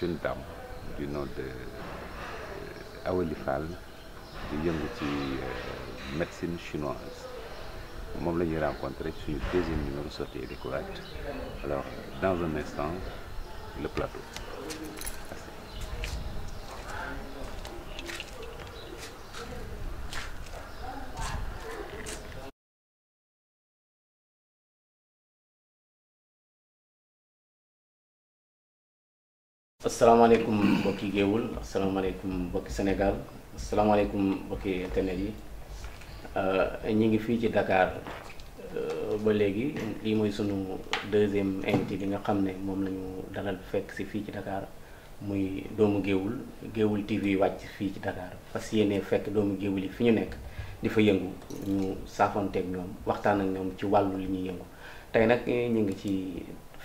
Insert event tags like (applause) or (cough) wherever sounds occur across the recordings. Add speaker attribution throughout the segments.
Speaker 1: jeune dame du nom de euh, Aweli Fall qui est euh, médecine chinoise Je la rencontrer rencontré le deuxième numéro sorti et découverte alors dans un instant le plateau
Speaker 2: asalaamaaleykum mbokki géewul asalaamaaleykum mbokki Sénégal asalaamaaleykum mbokki internet yi euh, ñu ngi fii ci dakaar euh, ba léegi lii mooy sunu deuxième invité bi nga xam ne moom lañu ñu dalal fekk si fii ci Dakar muy doomu géewul géewul TV wàcc fii ci Dakar fas yéene fekk doomu géewul yi fi ñu nekk di fa yëngu ñu saafanteeg ñoom waxtaan ak ñoom ci wàllu li ñuy yëngu tey nag eh, ñu ngi ci.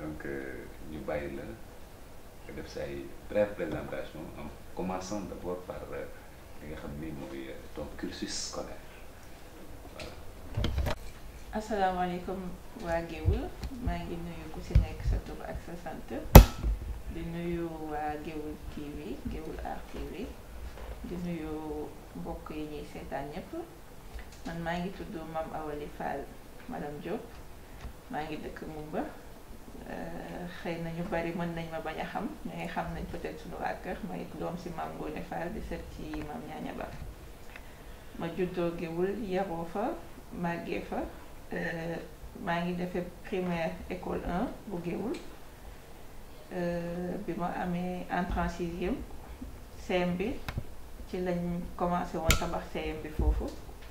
Speaker 1: donc euh, ñu bàyyi la nga def say brève présentation en commençant d' abord par euh, li nga xam ni mooy euh, ton cursus scolaire
Speaker 3: voilà. asalaamaaleykum waa Géoul maa ngi nuyu ku si nekk sa tur ak sa sant di nuyu waa Géoul TV Géoul Art TV di nuyu mbokk yi ñuy seetaan ñëpp man maa ngi tudd Mame Awali Fall madame Diop maa ngi dëkk Mumba. xëy na ñu bari mën nañ ma bañ a xam mais xam nañ peut-être suñu waa kër may doom si maam Ngoné Fall di sët ci maam Ñaaña Ba ma juddoo Géoul yaroo fa màggee fa euh, maa ngi defee primaire école 1 bu Géoul euh, bi ma amee entrant sixième CM bi ci lañ commencé woon tabax CM bi foofu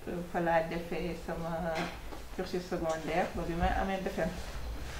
Speaker 3: euh, falaa defee sama cursus secondaire ba bi may amee BFEM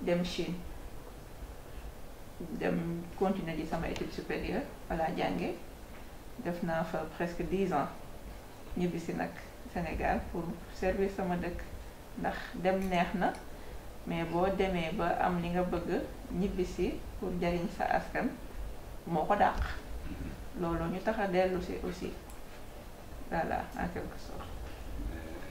Speaker 3: dem Chine dem continuer ji sama étude supérieure wala jànge def naa fa presque 10 ans ñibbisi nag Sénégal pour servir sama dëkk ndax dem neex na mais boo demee ba am li nga bëgg ñibbisi pour jariñ sa askan moo ko dàq mm-hmm. loolu ñu tax a dellu si aussi voilà en quelque sorte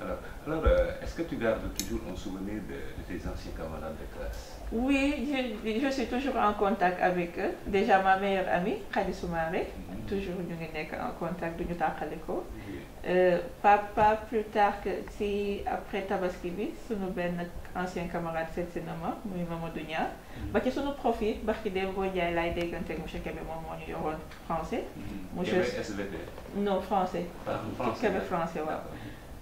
Speaker 1: Alors, euh, est-ce que tu gardes toujours un souvenir de, tes anciens camarades de classe
Speaker 3: Oui, je, suis toujours en contact avec eux. Déjà ma meilleure amie, Khadi Soumaré, mhm. toujours nous sommes en contact de nous. Oui. Euh, pas, plus tard que si après Tabaskibi, nous un ancien camarade cette cinéma, oui Mamadou Nia. Parce mhm. que nous nos profils, parce que des il y a des contacts, monsieur Kébé, mon numéro français. Mhm. Monsieur SVT. Non français. Kébé français, oui.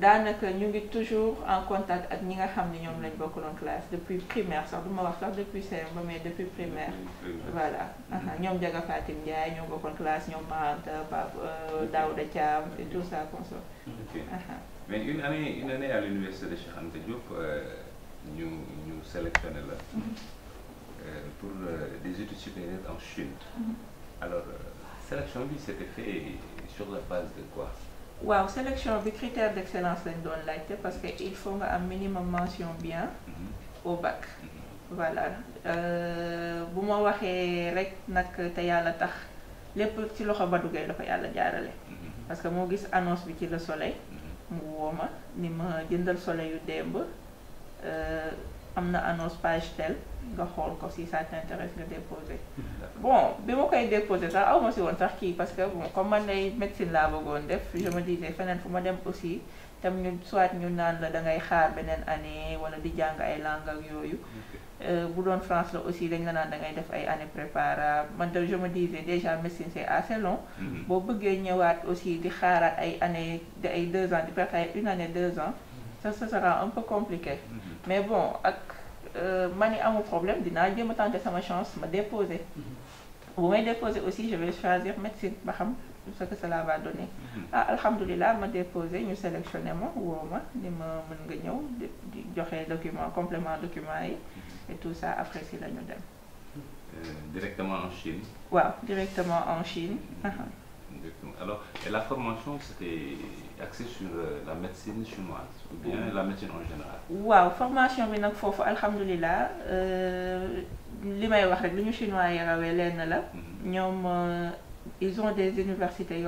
Speaker 3: danaka ñu ngi toujours en contact ak ñi nga xam ne ñoom lañ bokkaloon classe depuis primaire sax duma wax sax depuis cinq ba mais depuis primaire. voilà ñoom Jaga Fatim Ndiaye ñoo bokkoon classe ñoom Mahanta Pape euh, Daouda Thiam et tout ça comme ça.
Speaker 1: mais une année une année à l'université de Cheikh Anta Diop euh, ñu ñu sélectionné la. Mhm. Euh, pour des études supérieures en Chine. Mhm. alors sélection bi c'était fait sur la base de quoi
Speaker 3: waaw sélection bi critère d'excellence excellence lañ doon parce que il faut un minimum mention bien mhm. au bac mhm. voilà euh, bu ma waxee rek nag te yàlla tax lépp ci loxo Badou Gueye la ko la jaarale mhm. parce que moo gis annonce bi ci le soleil mu woo ni ma jëndal soleil yu début. Euh, am na annonce page tel nga xool ko si ça t'intéresse nga déposé bon bi ma koy déposé sax aw ma si woon sax kii parce que bon comme man nay médecine laa bëggoon def je me disais feneen fu ma dem aussi tam ñu soit ñu naan la da ngay xaar beneen année wala di jàng ay langue ak yooyu euh, bu doon France la aussi dañ la naan da ngay def ay année prépara man de je me disais déjà médecine c'est assez long mhm. boo bëggee ñëwaat aussi di xaaraat ay année ay deux ans di préparé une année deux ans mhm. ça ce sera un peu compliqué mhm mais bon ak euh, ma ni problème je vais tenter sama chance ma déposer vous mhm. me déposer aussi je vais choisir médecine ba xam ce que cela va donner mhm. ah je ma déposé ñu sélectionné ma woo ma ni ma mën nga documents di joxe document complément document mhm. et tout ça après c'est la ñu
Speaker 1: euh, directement en Chine
Speaker 3: waaw directement en Chine
Speaker 1: alors et la formation c'était axé sur euh, la médecine chinoise ou bien la médecine en général.
Speaker 3: waaw formation bi donc, Fofo. Alhamdoulilah, euh, Les may wax chinois yi les lenn la. Mhm. Euh, ils ont des universités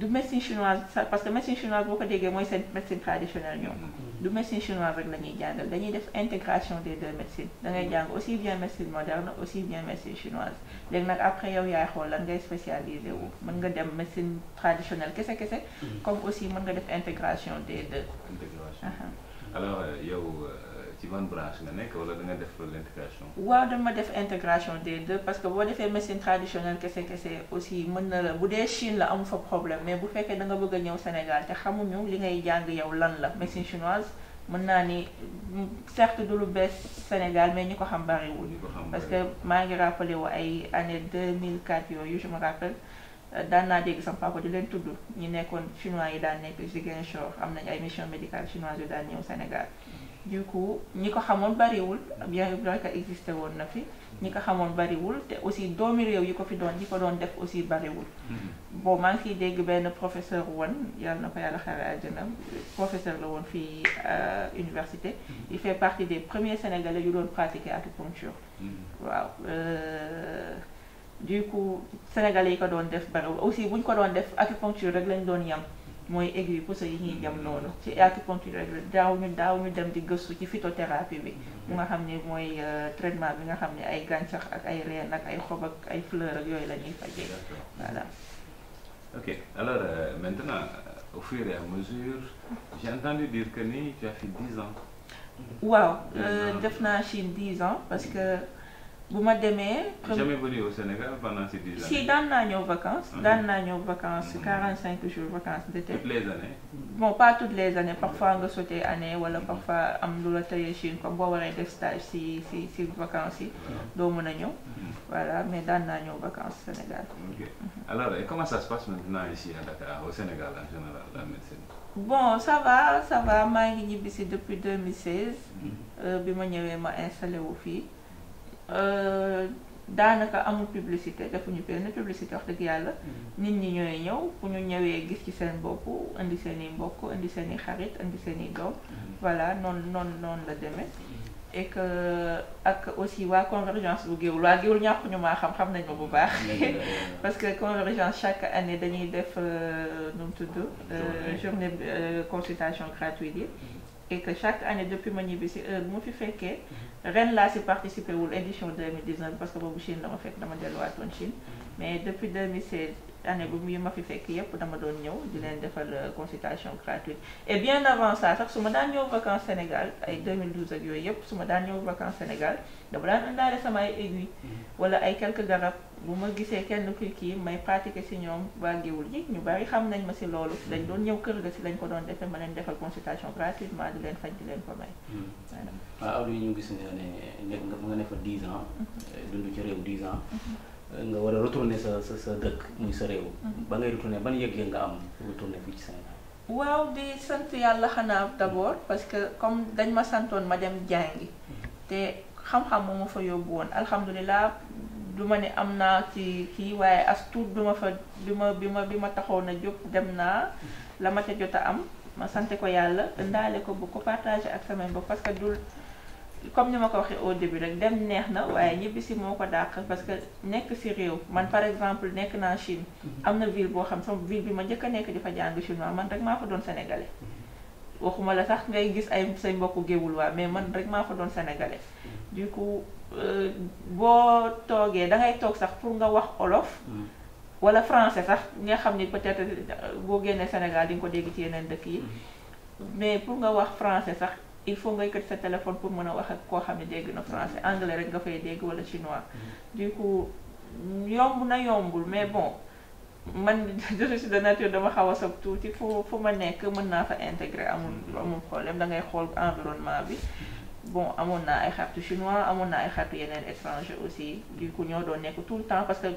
Speaker 3: du médecine chinoise parce que médecine chinoise beaucoup de gens c'est une médecine traditionnelle ñoom mm-hmm. du médecine chinoise rek la ñuy jàngal dañuy intégration des deux médecines Il y jàng aussi bien médecine moderne aussi bien médecine chinoise léegi après yow y a une ngay spécialisé des mën nga dem médecine traditionnelle que c'est, mm-hmm. comme aussi mën nga def intégration des deux
Speaker 1: alors euh, yow euh, une branche nga wala da nga def l'intégration.
Speaker 3: waaw dama def intégration des deux parce que boo defee médecine traditionnelle kese kese aussi mën na la bu dee Chine la amu fa problème mais bu fekkee da nga bëgg a ñëw Sénégal te xamuñu li ngay jàng yow lan la médecine chinoise mën naa ni certes du lu bees Sénégal mais ñi ko xam bariwul. parce que maa ngi rappelé wu ay année 2004 yooyu je me rappelle. daan naa dégg sama papa di leen tudd ñu nekkoon chinois yi daan nekk Ziguinchor am nañ ay mission médicale chinoise yu daan ñëw Sénégal du coup ñi ko xamoon bariwul bien vrai existé woon na fi ñi ko xamoon bariwul te aussi doomi réew yi ko fi doon yi ko doon def aussi bariwul mm-hmm. bon maa ngi ciy dégg benn professeur woon yàlla na ko yàlla xare àjjana professeur la woon fii euh, université mm-hmm. il fait partie des premiers sénégalais yu doon pratiquer acupuncture mm-hmm. waaw euh, du coup sénégalais yi ko doon def bariwul aussi buñ ko doon def acupuncture rek lañ doon yam moy aiguille-pousse yi ñuy jam noonu ci acupuncture bi daaw ñu daaw ñu dem di gëstu ci phytothérapie bi mu nga xam ne mooy euh, traitement bi nga xam ne ay gàncax ak ay reen ak ay xob ak ay fleur ak yooyu la ñuy fajee voilà
Speaker 1: ok alors euh, maintenant euh, au fur et à mesure j'ai entendu dire que ni tu as fait 10 ans
Speaker 3: waaw euh, def naa Chine 10 ans parce que aimé. Vous jamais
Speaker 1: venu au Sénégal pendant ces 10 ans. si dans
Speaker 3: l'année vacances. Dans naa ñëw vacances 45 mhm. mhm. cinq jours vacances d'été. toutes les années. bon pas toutes les années parfois on nga sauté année alors, parfois on lu la à Chine comme avoir des stage si si si vacances yi. Mhm. doo mën a voilà mais dans l'année vacances vacances Sénégal. ok
Speaker 1: alors comment ça se passe maintenant ici à Dakar au Sénégal en général la médecine.
Speaker 3: bon ça va ça va suis venu ici depuis 2016. Je suis ma installé au FI. Euh, daanaka amul publicité defuñu benn publicité wax dëgg yàlla. Mm-hmm. nit ñi gis ci seen indi seen indi seen indi seen mm-hmm. voilà noonu la mm-hmm. et que ak aussi waa convergence bu waa xam xam bu baax (laughs) parce que convergence chaque année dañuy def euh, nu euh, journée consultation gratuite et que chaque année depuis mon ñibbi si heure bu ma fi fekkee ren laa si participé wul édition 2019 parce que boobu Chine la ma fekk dama ton Chine mais depuis 2016 année bu yu ma que fekk yépp dama doon ñëw di faire defal euh, consultation gratuite et bien avant ça parce que ma daan ñëw vacances Sénégal ay 2012 ak yooyu yépp su ma vacances Sénégal dama daan indaale sama ay aiguille mm-hmm. wala ay quelques garab bu ma gisee kenn kuy kii may pratiquer si ñoom waa géwul ji ñu bari xam nañ ma si loolu mm-hmm. dañ doon ñëw kër ga si lañ ko doon defee ma leen defal consultation gratuitement di leen faj di leen ko may waaw mm-hmm.
Speaker 2: ah, ñu gis nga nga nga ne fa 10 ans dund ci réew 10 nga war a retourner sa sa dëkk muy sa réew ba ngay retourner ban yëg-yëg nga am retourner fii ci Sénégal
Speaker 3: waaw di sant yàlla xanaa d'abord parce que comme dañ ma santoon ma dem jàngi te xam-xam moo ma fa yóbbu woon alhamdulilah du ma ne am naa ci kii waaye as tout du ma fa bi ma bi ma bi ma taxoon a jóg dem naa la ma ca jot a am ma sante ko yàlla ndaale ko bu ko partagé ak sama mbokk parce que dul comme ni ma ko waxee au début rek dem neex na waaye si moo ko dàq parce que nekk si réew man par exemple nekk naa Chine am na ville boo xam sama ville bi ma njëkk a nekk di fa jàng chinois man rek maa fa doon sénégalais waxuma la sax ngay gis ay say mbokku géewul waa mais man rek maa fa doon sénégalais du coup euh, boo toogee da ngay toog sax pour nga wax olof. Hmm. wala francais sax nga xam ni peut-être euh, boo génnee Sénégal di nga ko dégg ci yeneen dëkk yi. Hmm. mais pour nga wax francais sax il faut nga yëkkati sa téléphone pour mën a wax ak koo xam ne dégg na français hmm. anglais rek nga fay dégg wala chinois. du ko yomb na yombul mais bon man (laughs) je suis de nature dama xaw a soog tuuti fu fu ma nekk mën naa fa intégrer amul amul problème da ngay xool environnement bi. bon amon na ay chinois amon na ay étranger aussi du coup nous doon tout le temps parce que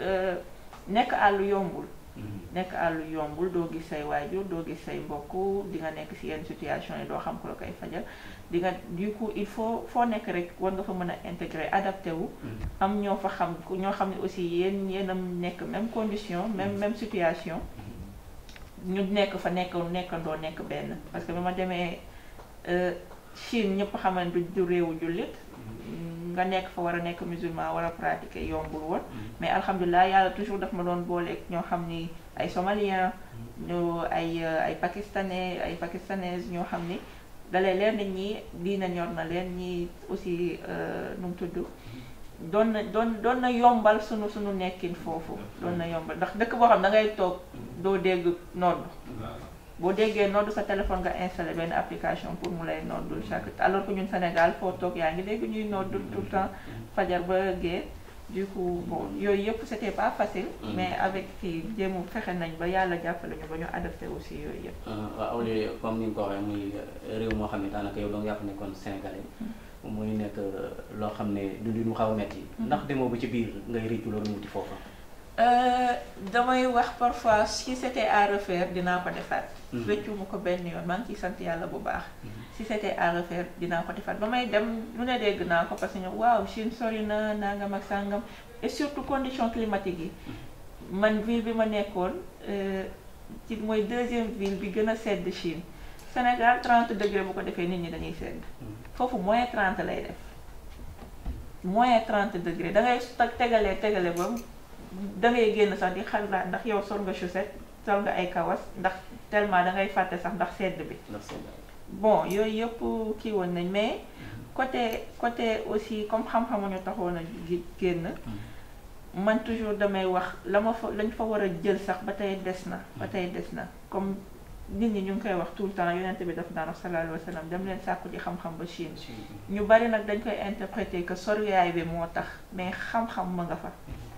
Speaker 3: euh, nous lu yombul mm-hmm. nekk lu yombul do gis say do gis say di nga situation yi xam ko di du coup il faut fo nek rek nous nga fa intégrer adapté wu mm-hmm. am ñoo fa xam ñoo xamni aussi nek même condition même même situation mm-hmm. ñu nek fa nek nek ben parce que Chine ñëpp xaman du réewu jullit nga nekk fa war a nekk musulman war a pratiquer yombul woon mm-hmm. mais alhamdulilah yàlla toujours daf ma doon booleeg ñoo xam ni ay somalien mm-hmm. ñu ay euh, ay pakistanais ay pakistanaise ñoo xam ni dalee leen na ñii diina ñor na leen ñi aussi euh, nu mu tudd mm-hmm. doon na doon doon na yombal sunu suñu nekkin foofu doon na yombal ndax dëkk boo xam da ngay toog doo dégg noonu boo déggee noddu sa téléphone nga installé benn application pour mu lay noddul chaque alors que ñun Sénégal foo toog yaa ngi dégg ñuy noddul tout le temps fajar ba gée du coup yooyu yëpp c'était pas facile. Mm. mais avec kii jéem fexe nañ ba yàlla jàppale ñu ba ñu adapté aussi yooyu yëpp. Ah, waaw Awliya
Speaker 2: comme ni nga ko waxee muy réew moo xam ne daanaka yow dong kon nekkoon Sénégalais. Mm. muy nekk euh, loo xam ne du lu xaw a mm. ndax demoo ba ci biir ngay réccu loolu mu wuti
Speaker 3: Euh, damay wax parfois si c'était à refaire dinaa ko defaat. Mhm. rëccu ma ko benn yoon maa ngi ciy sant yàlla bu baax. Mhm. si c'était à refaire dinaa ko defaat ba may dem lu ne dégg naa ko parce que ñoom waaw Chine sori na nangam ak sangam et surtout conditions climatiques yi. Mhm. man ville bi ma nekkoon euh, ci mooy deuxième ville bi gën a sedd Chine Sénégal 30 degré bu ko defee nit ñi dañuy sedd. foofu moins 30 lay def. moins 30 degré da ngay tegalee tegalee ba. da ngay génn sax di xalaat ndax yow sol nga chaussette sol nga ay kawas ndax tellement da ngay fàtte sax ndax sedd bi bon yooyu yëpp kii woon nañ mais mm-hmm. côté côté aussi comme xam-xamuñu taxoon a génn
Speaker 4: mm-hmm.
Speaker 3: man toujours damay wax la ma fa lañ fa war a jël sax ba tey des na ba tey des na comme nit ñi ñu ngi koy wax tout le temps yonent bi daf daan wax sallallahu alayhi wa sallam dem leen sàkku ji xam-xam ba Chine ñu bari nag dañ koy ko que yaay bi moo tax mais xam-xam ma nga fa mm-hmm.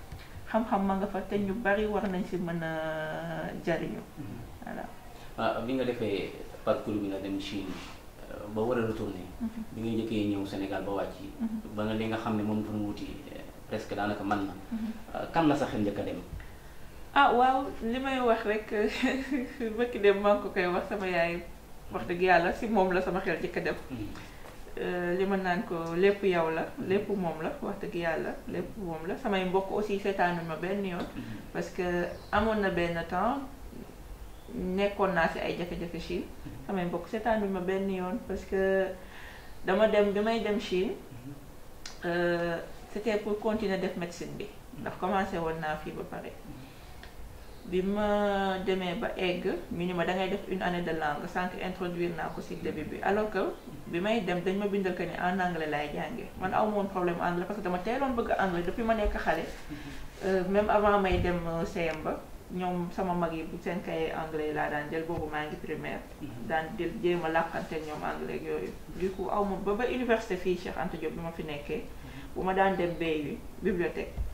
Speaker 3: xam-xam ma nga fa te ñu bari war nañ si mën a jariñu voilà.
Speaker 2: ah bi nga defee parcours bi nga dem Chine euh, ba war a retourné. Mhm. bi nga njëkkee ñëw Sénégal ba wàcc. Mhm. ba nga li nga xam ne moom dafa wuti eh, presque daanaka man na. Mhm. Ah, kan la sa xel njëkk a dem.
Speaker 3: ah waaw li may wax rek (laughs) bëkki dem maa ngi ko koy wax sama yaay wax dëgg yàlla si moom la sama xel njëkk a dem. Euh, li mën naan ko lépp yow la lépp moom la wax dëgg yàlla lépp moom la samay mbokk aussi seetaanuñ ma benn yoon mm-hmm. parce que amoon na benn temps nekkoon naa si ay jafe-jafe Chine mm-hmm. samay mbokk seetaanuñ ma benn yoon parce que dama dem damay may dem Chine mm-hmm. euh, c'était pour continuer def médecine bi ndax commencé woon naa fii ba pare bi ma demee ba egg ñu ni ma dangay def une année de langue sànq introduire naa ko ci début bi alors que bi may dem dañ ma bindal que ni en anglais laay jànge man aw moon problème anglais parce que dama teeloon bëgg anglais depuis ma nekk xale euh, même avant may dem euh, CM ba ñoom sama mag yi seen kay anglais laa daan jël boobu maa ngi primaire mhm. daan jël jéem a làqante ñoom anglais yooyu du coup aw moon ba ba université fii Cheikh Anta Diop bi ma fi nekkee mhm. bu ma daan dem bay bi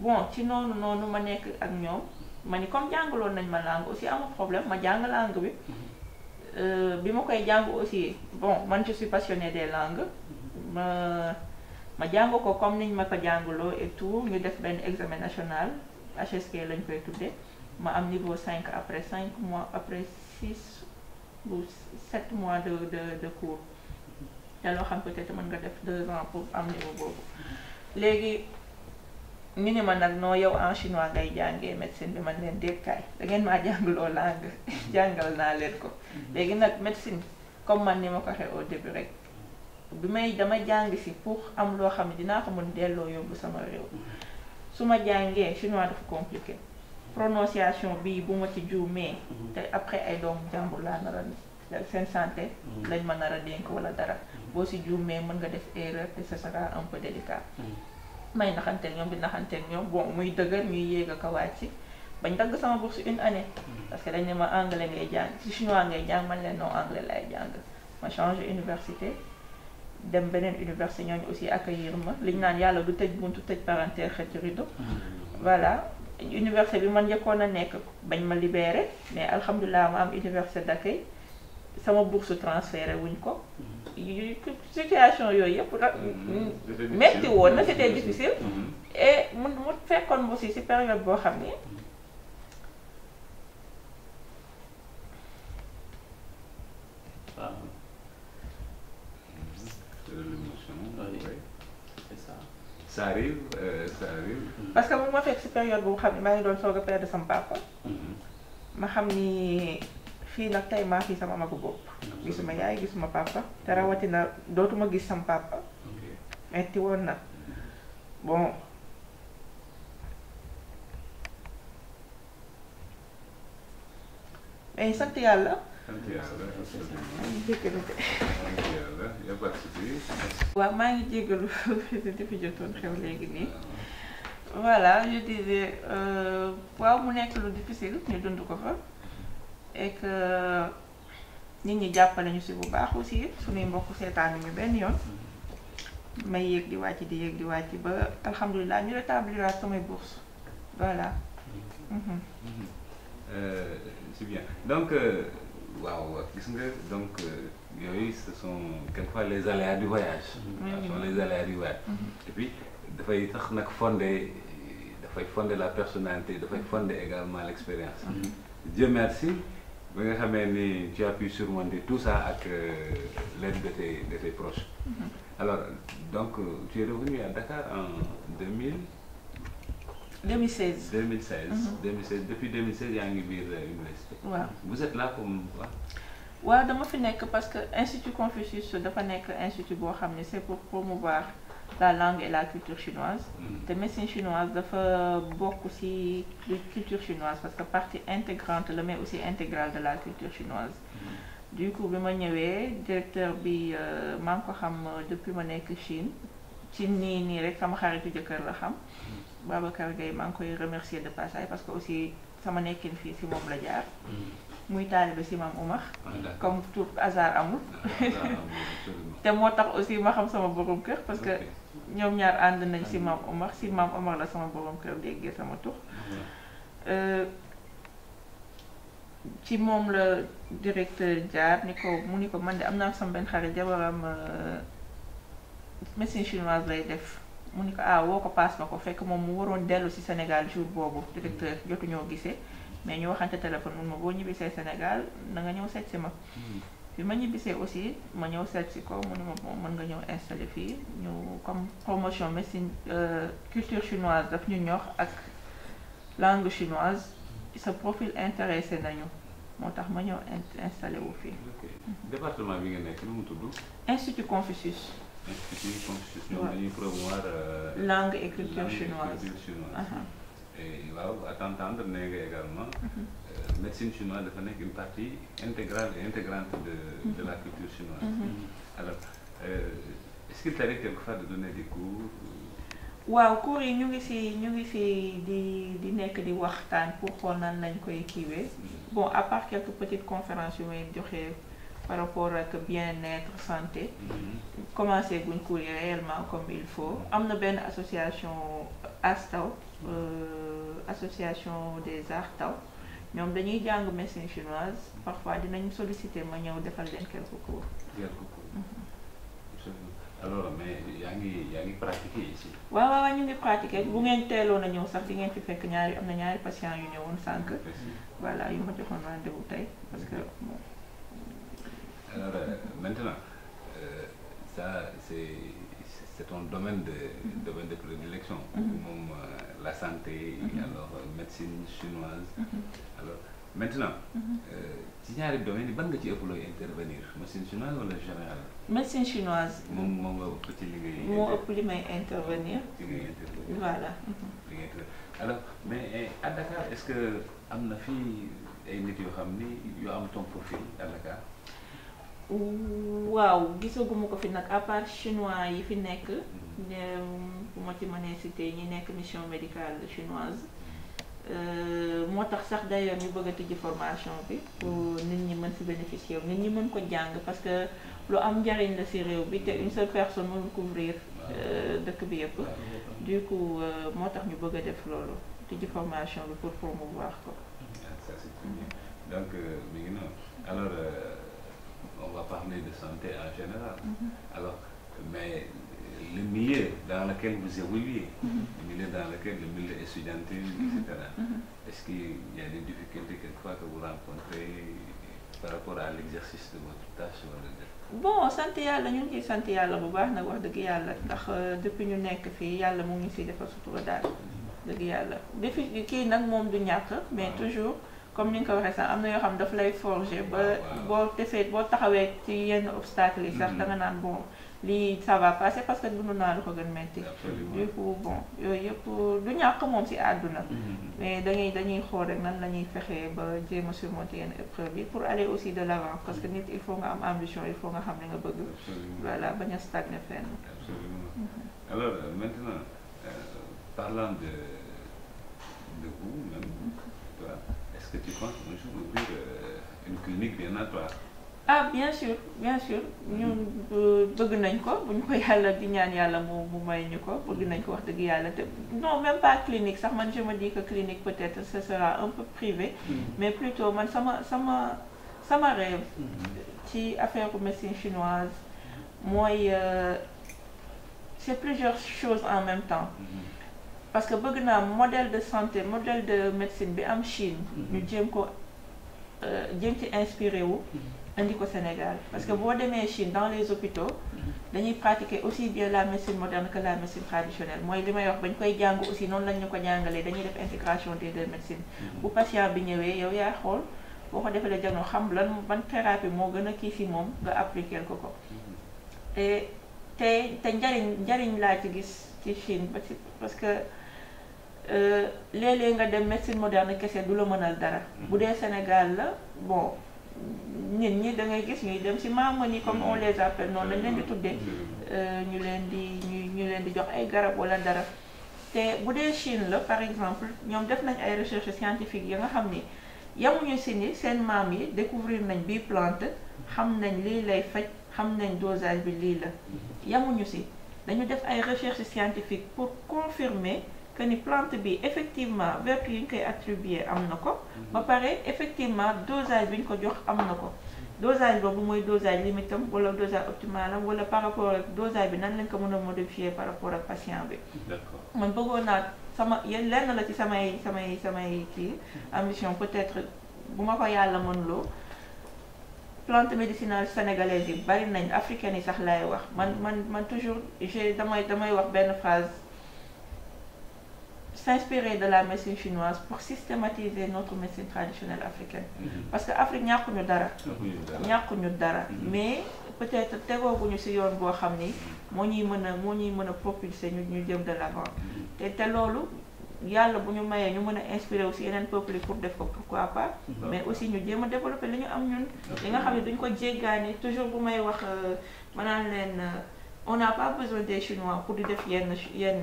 Speaker 3: bon ci nonu nonu ma nek ak ñom mani comme jangalon nañ ma langue aussi am problème ma jang langue bi euh, bi ma koy jang aussi bon man je suis passionné des langues ma ma jang ko comme niñ ma ko jàngaloo et tout ñu def ben examen national HSK lañ koy tuddé ma am niveau 5 après 5 mois après 6 ou 7 mois de de de cours te loo xam peut-être man nga def 2 ans pour am niveau boobu légui ñu ne ma nag noo yow en chinois ngay jàngee médecine bi man leen dékkaay da ngeen maa loo langue (laughs) jàngal naa leen ko mhm. léegi nag médecine comme man ni ma ko waxee au début rek bi may dama jàng si pour am loo xam ne dinaa ko mën delloo yóbbu sama réew mhm. su ma jàngee chinois dafa compliqué prononciation bii bu ma ci juumee mhm. te après ay doom jàmbur laa nar a seen santé lañ ma nar a dénk wala dara boo si juumee mën nga def erreur te ce sera un délicat may naxanteeg ñoom di naxanteeg ñoom bon muy dëgër ñuy yéeg ak a wàcc bañ dagg sama bourse une année. Mm. parce que dañ ne ma anglais ngay jàng si chinois ngay jàng man leen non anglais lay jàng ma changé université dem beneen université ñooñu aussi accueillir ma liñ naan yàlla du tëj buntu tëj parenthèse xëcc rido mm. voilà université bi man njëkkoon a nekk bañ ma libéré mais alhamdulilah ma am université d'accueil sama bourse transféré wuñ ko situation yooyu yëpp mm-hmm. metti woon na c'était mm-hmm. difficile mm-hmm. et mu mu fekkoon aussi ci période boo xam ni
Speaker 2: ah.
Speaker 1: euh, euh, ça arrive euh, ça arrive parce que mu ma
Speaker 3: fekk ci période boo xam ni maa ngi doon soog a perdre sama papa ma xam ni fii nag tey maa sama magu bopp gisuma yaay gisuma papa te rawatina dootuma gis sama papa metti woon na bon mais sant yàlla waaw maa ngi jégalu (laughs) dafa jotoon xew léegi nii voilà je disais euh, waaw mu nekk lu difficile ñu dund ko fa et que nit ñi jàppale ñu si bu baax aussi suñuy mbokk seetaanu ñu benn yoon mm-hmm. may yéeg di wàcc di yéeg di wàcc ba alhamdulilah ñu rétabliraat samay bourse voilà. Mm-hmm.
Speaker 1: Mm-hmm. Euh, c'est bien donc euh, waaw gis nga donc euh, yooyu ce sont quelquefois les aléas du voyage. ce sont les aléas du voyage. et puis dafay tax fondé, fonder dafay fonder la personnalité dafay fonder également l'expérience. Dieu merci tu as pu surmonter tout ça avec euh, l'aide de tes de tes proches. Mm-hmm. alors donc euh, tu es revenu à Dakar en 2016 2016. 2016 depuis 2016 yaa ngi une euh, université. vous êtes là pour quoi.
Speaker 3: Oui, dama fi suis parce que institut Confucius dafa un institut boo c'est pour promouvoir la langue et la culture chinoise mm. médecins chinois chinoise beaucoup aussi de culture chinoise parce que partie intégrante le mais aussi intégrale de la culture chinoise mm. du coup directeur bi euh, euh, depuis Chine ci suis venu rek sama de la mm. Babacar de passage parce que aussi sama je ah, comme tout hasard ah, (laughs) aussi parce que ñoom ñaar ànd nañ si maam Omar si maam Omar la sama borom kër déggee sama tux euh, ci moom la directeur jaar ni ko mu ni ko man de am naa sama benn xarit jabaram euh, médecine chinoise lay def mu ni ko ah woo ko paas ma ko fekk moom mu waroon dellu si Sénégal jour boobu directeur jotuñoo gisee mais ñu waxante téléphone mun ma boo ñibbisee Sénégal na nga ñëw seet si ma hmm. Il ma aussi ma ñëw seet si ko mu ne ma bon mën nga ñëw installé fii ñu comme promotion médecine euh, culture chinoise daf ñu ñox ak langue chinoise sa profil intéressé nañu moo tax ma ñëw installé wu fii.
Speaker 1: département bi nga nekk nu mu tudd.
Speaker 3: institut Confucius.
Speaker 1: institut Confucius ñoom dañuy promouvoir. Euh, langue et culture chinoise. Uh-huh. Eh, waaw à t'entendre également mhm. euh, médecine chinoise une partie intégrale intégrante mhm. de la culture chinoise mhm. alors euh, est-ce qu'il t'arrive quelquefois de donner des cours
Speaker 3: waaw cours nous ñu ngi nous ñu pour mm. bon à part quelques petites conférences je par rapport à bien-être santé mm-hmm. commencer guñ réellement comme il faut en mm. na association euh, association des arts taw ñom dañuy jàng médecine chinoise parfois dinañ solliciter ma ñëw defal leen quelques cours.
Speaker 1: Mhm. alors mais yaa ngi yaa ngi pratiquer ici.
Speaker 3: waaw waaw ñu ngi pratiquer bu ngeen teeloon a ñëw sax di ngeen fi fekk ñaari am na ñaari patient yu ñëwoon sànq. voilà yu ma joxoon rendez-vous tey parce que.
Speaker 1: alors euh, maintenant ça c'est un domaine de, domaine de prédilection. Mm-hmm. Euh, la santé, mm alors euh, médecine chinoise. Mm-hmm. Alors maintenant, si tu domaine yi ban nga ci ëpp intervenir médecine chinoise le général.
Speaker 3: médecine chinoise. Je moom intervenir. intervenir voilà.
Speaker 1: alors mais eh, à Dakar est-ce que am as fii ay nit yoo profil à Dakar
Speaker 3: waaw gisaguma ko fi nag à part chinois yi fi nekk mm-hmm. bu ma ci mënee cité ñi nekk mission médicale chinoise euh, moo tax sax d'ailleurs ñu bëgg a tijji formation bi pour mm-hmm. nit ñi mën si bénéficier wu nit ñi mën ko jàng parce que lu am njariñ la si réew bi te une seule personne mën couvrir euh, dëkk bi yëpp du coup euh, moo tax ñu bëgg a def loolu tijji formation bi pour promouvoir ko
Speaker 1: mm-hmm. donc mi ngi noonu alors on va parler de santé en général. Mhm. Alors, mais le milieu dans lequel vous évoluez, mhm. le milieu dans lequel le milieu mhm. etc., est-ce qu'il y a des difficultés quelquefois que vous rencontrez par rapport à l'exercice de votre tâche
Speaker 3: bon santé, depuis mais toujours comme ni nga ko waxee sax am na yoo xam daf lay forger ba boo defee boo taxawee ci yenn obstacle yi sax mm-hmm. da nga naan bon lii ça va passer parce que dund naa lu ko gën metti du coup bon yooyu yëpp du ñàkk moom si àdduna mm-hmm. mais dañuy dañuy xool rek nan lañuy ñuy fexee ba jéem a surmonter yenn épreuve yi pour aller aussi de l'avant parce que nit il faut nga am ambition il faut nga xam ne nga bëgg voilà bañ a stagné fenn
Speaker 1: mm-hmm. alors euh, maintenant euh, parlant de de vous même est-ce que tu comptes un jour ouvrir euh, une clinique bien à toi?
Speaker 3: ah bien sûr bien sûr Nous, euh, bëgg nañ ko bu ñu ko yàlla di ñaan yàlla mu mu may ñu ko nañ ko non même pas clinique Ça, je me dis que clinique peut-être ce sera un peu privé mm-hmm. mais plutôt ça m'arrive. Si, sama rêve
Speaker 4: mm-hmm.
Speaker 3: ci affaire médecine chinoise mm-hmm. euh, c'est plusieurs choses en même temps parce que bëgg naa modèle de santé modèle de médecine bi am Chine. Mhm. ñu jéem ko euh, jéem ci inspiré wu. Mhm. indi ko Sénégal parce que mhm. boo demee Chine dans les hôpitaux. dañuy pratiquer aussi bien la médecine moderne que la médecine traditionnelle mooy li may wax bañ koy jàng aussi noonu lañ ñu ko jàngalee dañuy def intégration des deux médecines. bu patient bi ñëwee yow yaa xool boo ko defee jano xam lan ban thérapie moo gën a kii si moom nga appliquer ko ko. te te te njariñ njariñ laa ci gis ci Chine parce que. Euh, léeg-léeg nga dem médecine moderne kese du la mënal dara. Mm. bu dee Sénégal la bon nit ñi da ngay gis ñuy dem si maama ni comme mm. on les appelle noonu lañ leen di tuddee. Mm. Euh, ñu leen di ñu leen di jox ay garab wala dara. te bu dee Chine la par exemple ñoom def nañ ay recherches scientifiques ya nga xam ni yamuñu si ni seen maam yi découvrir nañ bii plante xam nañ lii lay faj xam nañ dosage bi lii la yamuñu si dañu def ay recherches scientifiques pour confirmer que ni plante bi effectivement vertu yi ñu koy attribuer am na ko mhm. ba pare effectivement dosage bi ñu ko jox am na ko dosage boobu mooy dosage limitam wala dosage optimalam wala par rapport ak dosage bi nan lañ ko mën a modifier par rapport ak patient bi man bëggoon naa sama yenn lenn la ci samay samay samay kii mhm. ambition peut-être bu ma ko yàlla mën loo plante médicinale sénégalaise yi bari nañ africaine yi sax laay wax man man man toujours j'ai damay damay wax benn phrase s'inspirer de la médecine chinoise pour systématiser notre médecine traditionnelle africaine. Mhm. parce que Afrique pas dara. de dara mhm. mais peut-être tegooguñu ci yoon boo xam ni moo ñuy mën a propulser ñu ñu jëm de l'avant mhm. Et te loolu Yalla nous mayé ñu mëna inspirer aussi yenen peuples pour def ko pourquoi pas. mais aussi ñu jëma développer li ñu am ñun. li nga duñ ko toujours bu may wax euh, euh, on n'a pas besoin des chinois pour def yenn yenn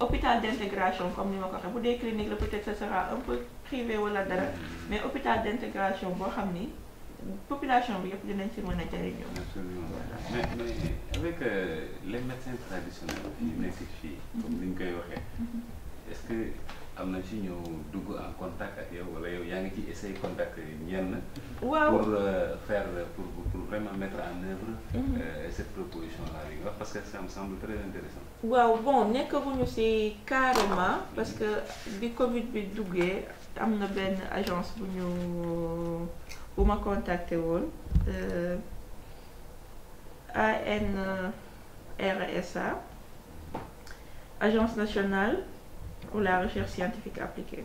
Speaker 3: hôpital d'intégration comme nous avons dit, pour des cliniques, peut-être que ce sera un peu privé là-dedans, mais hôpital d'intégration pour nous, la population bi yëpp dinañ si mën a absolument
Speaker 1: mais avec euh, les médecins traditionnels. qui médecins mhm. comme vous mhm. est-ce que am ci ñu dugg en contact ak yow wala yow yaa ngi ci essayer contact ñenn. waaw pour euh, faire euh, pour pour vraiment mettre en œuvre. Mhm. Euh, cette proposition là li wax parce que ça me semble très intéressant
Speaker 3: waaw bon nous ci carrément parce que bi Covid bi duggee am na benn agence bu ñu bu ma contacté woon ANRSA agence nationale pour la recherche scientifique appliquée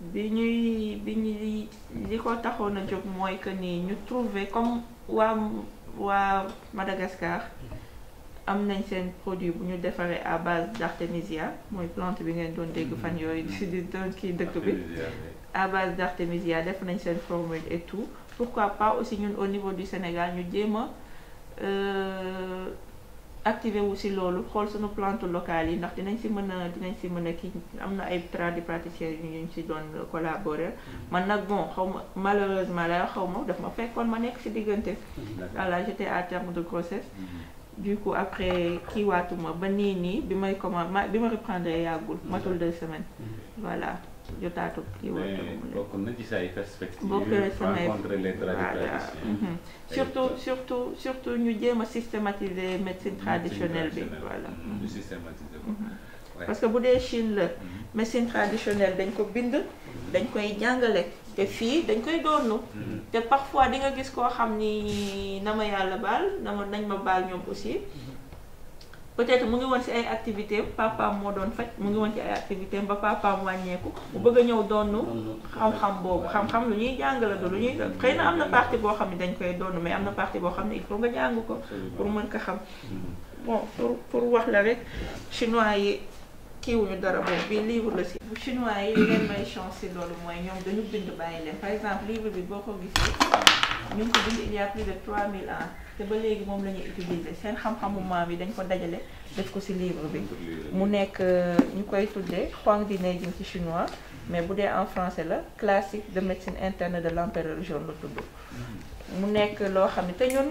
Speaker 3: bi ñuy bi ñuy li ko taxoon que ni ñu comme ou à Madagascar am nañ seen produit nous ñu à base d'artémisia une plante bi ngeen dégoût dégg fan yooyu di à base d'artémisia def nañ formule et tout pourquoi pas aussi nous, au niveau du Sénégal nous jéem euh, activer aussi si loolu xool suñu plante locale yi ndax dinañ si mën a dinañ si mën a kii am na ay tradipraticiens yu ñu si doon collaborer man nag bon xaw ma malheureusement la xaw ma daf ma fekkoon ma nekk si diggante voilà j'étais à terme de grossesse
Speaker 4: mhm.
Speaker 3: du coup après kiiwaatuma ba nii nii bi may commencé bi ma reprendre yàggul matul deux semaines mhm. voilà bokk
Speaker 1: perspectives rencontrer les
Speaker 3: surtout surtout surtout ñu la systématiser médecine traditionnelle mhm. Mhm. Mhm. parce que bu vous avez la médecine traditionnelle dañ ko bind dañ koy dañ koy des parfois di nga gis vous baal nañ ma baal aussi peut-être mu ngi won ci ay activité papa mo doon fajj mu ngi won ci ay activité ba papa mu bëgg ñëw doon xam-xam boobu xam-xam lu ñuy jàng la lu ñuy xëy na am na dañ koy mais il faut nga jàng pour mën ko xam mm-hmm. bon pour pour wax la rek chinois yi kiiwuñu dara boobu bi livre la si chinois yi li may chance loolu mooy dañu bind par exemple livre bi boo ko ñu ngi ko bind il y a plus de 3000 ans te ba léegi moom la ñuy utiliser seen xam-xamu maam yi dañ ko dajale def ko ci livre bi mu nekk euh, ñu koy tuddee Huang di Neijing ci chinois mais bu dee en français la classique de médecine interne de l'empereur Jean la tudd mu nekk loo xam ne te ñun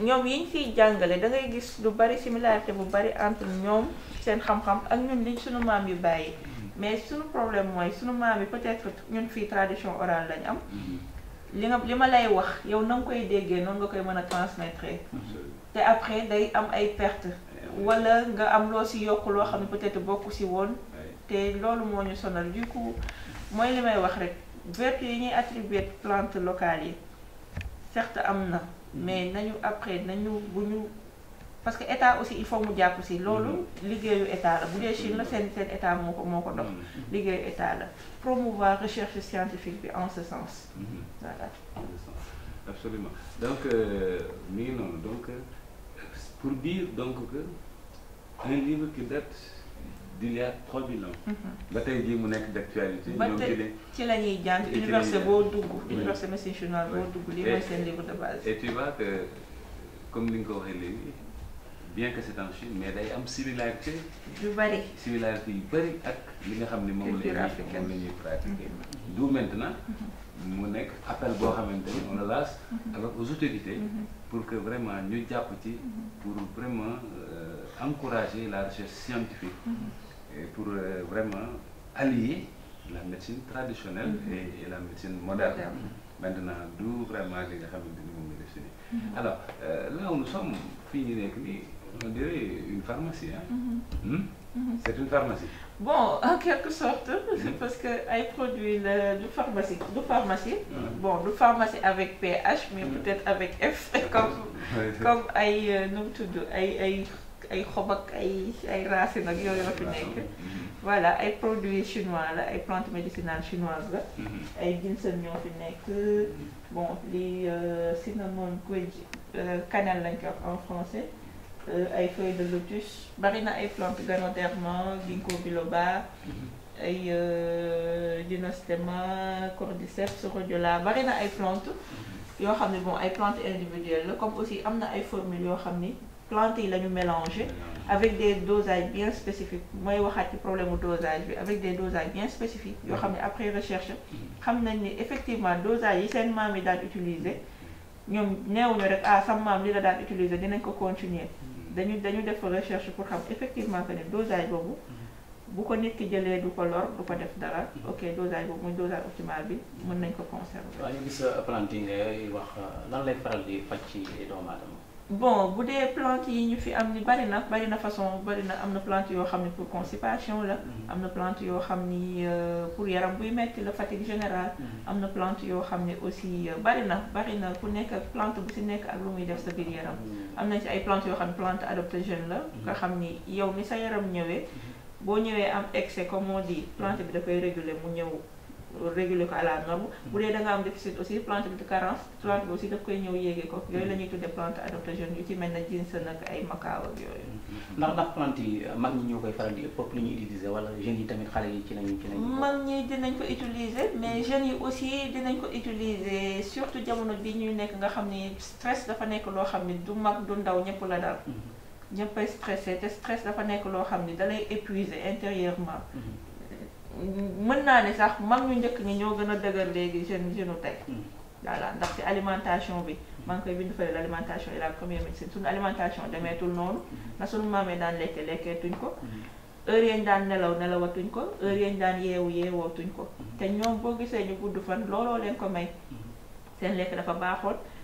Speaker 3: ñoom yiñ fiy jàngale da ngay gis lu bari similarité bu bari entre ñoom seen xam-xam ak ñun liñ sunu maam yu bàyyi mais sunu problème mooy sunu maam yi peut-être ñun fii tradition orale lañ am li lay wax yow na koy déggee nga koy transmettre. après day am ay perte eh wala nga am loo si yokk loo xam ne peut-être bokk si woon. Eh. te loolu moo sonal du coup mooy li may wax rek vertu yi ñuy attribuer plante locale yi certes am mm-hmm. mais nañu après nañu bu parce que état aussi il faut mu jàpp si loolu mm-hmm. liggéeyu état la bu Chine la seen seen état moo ko moo ko mm-hmm. état la promouvoir recherche scientifique en ce sens mm-hmm. voilà
Speaker 1: absolument donc euh, mi non. donc euh, pour dire donc que un livre qui date d'il y a trois ans ba tey jii mu nekk d'actualité ba tey
Speaker 3: ci la ñuy université boo dugg université médecine chinoise boo dugg lii livre de base
Speaker 1: et tu vois que comme ni bien que c'est en Chine mais day am similarité. une bari. similarité yu les ak li nga xam mom mhm. d'où maintenant nous appelons appel bo on mhm. aux autorités mhm. pour que vraiment ñu japp ci pour vraiment euh, encourager la recherche scientifique et pour euh, vraiment allier la médecine traditionnelle et, la médecine moderne maintenant d'où vraiment les nga xamante alors euh, là où nous sommes finis avec lui, on dirait une pharmacie. Mhm. Mm? Mhm. Hein? C'est une pharmacie.
Speaker 3: Bon, en quelque sorte, mhm. parce que elle produit le, le pharmacie, le pharmacie, bon, le pharmacie avec PH, mais peut-être avec F, (laughs) comme, comme elle, nous tout ay xob ak ay ay racines voilà elle produit chinois la ay plantes médicinales chinoises la ay ginseng ñoo bon les euh, cinnamon euh, cannelle en français eh, ay feuilles de lotus bari na ay plantes ganoderma ginkgo biloba mhm. ay eh, dinostema cordyceps rhodiola bari na ay plantes mhm. yoo xam ne bon ay plantes individuelles la comme aussi am na ay formules yoo xam ni plantes yi la ñu avec des dosages bien spécifiques mooy waxaat ci problème dosage bi avec des dosages bien spécifiques yoo xam ne mhm. après recherche xam nañ ni effectivement dosage yi seen maam yi daan utiliser ñoom neewuñu rek ah sa maam li la daan utiliser dinañ ko continuer dañu dañu def recherche pour xam effectivement que ne dosage boobu mhm. bu ko nit ki jëlee du ko lor du ko def dara mhm. ok dosage boobu muy dosage optimal bi mën nañ ko conserver.
Speaker 2: waaw ñu gis apprenti ngay wax lan lay faral di faj ci doomu
Speaker 3: bon bu dee plante yi ñu fi am ni bari na bari na façon bari na am na plante yoo xam ni pour constipation la mm-hmm. am na plante yoo xam ni euh, pour yaram buy metti la fatigue générale mm-hmm. am na plante yoo xam ni aussi euh, bari na bari na ku nekk ak plante bu si nekk ak lu muy def sa biir yaram mm-hmm. am nañ si ay plante yoo xam ni plante adaptogène la nga xam ni yow ni sa yaram ñëwee boo ñëwee am excès comme on dit plante bi da koy réguler mu ñëw réguler ko à la norme bu dee da nga am déficit aussi plante de carence plante bi aussi daf koy ñëw yéegee ko yooyu la ñuy tuddee plante adaptogène yu ci mel na ginseng ak ay macao ak yooyu
Speaker 2: ndax ndax plante yi euh, mag ñi ñoo koy faral di ëpp li ñuy utiliser wala jeunes yi tamit xale yi ci lañu ci lañu
Speaker 3: mag ñi dinañ ko utiliser mais mm-hmm. jeunes yi aussi dinañ ko utiliser surtout jamono bi ñuy nekk nga xam ni stress dafa nekk loo xam ni du mag du ndaw ñëpp la daal mm-hmm. ñëppay stressé te stress dafa nekk loo xam ni lay épuiser intérieurement mm-hmm. mën naa ni sax man ñu njëkk ñi ñoo gën a dëgër léegi jeune jeune u tey hmm. voilà ndax ci alimentation bi hmm. maa ngi koy bind fële yi est la première médecine suñu alimentation demeetul noonu hmm. na suñu maamee daan lekke lekkeetuñ ko heure yañ daan nelaw nelawatuñ ko heure yañ daan yeewu yeewootuñ ko te ñoom boo gisee ñu gudd fan looloo leen ko may seen lekk dafa baaxoon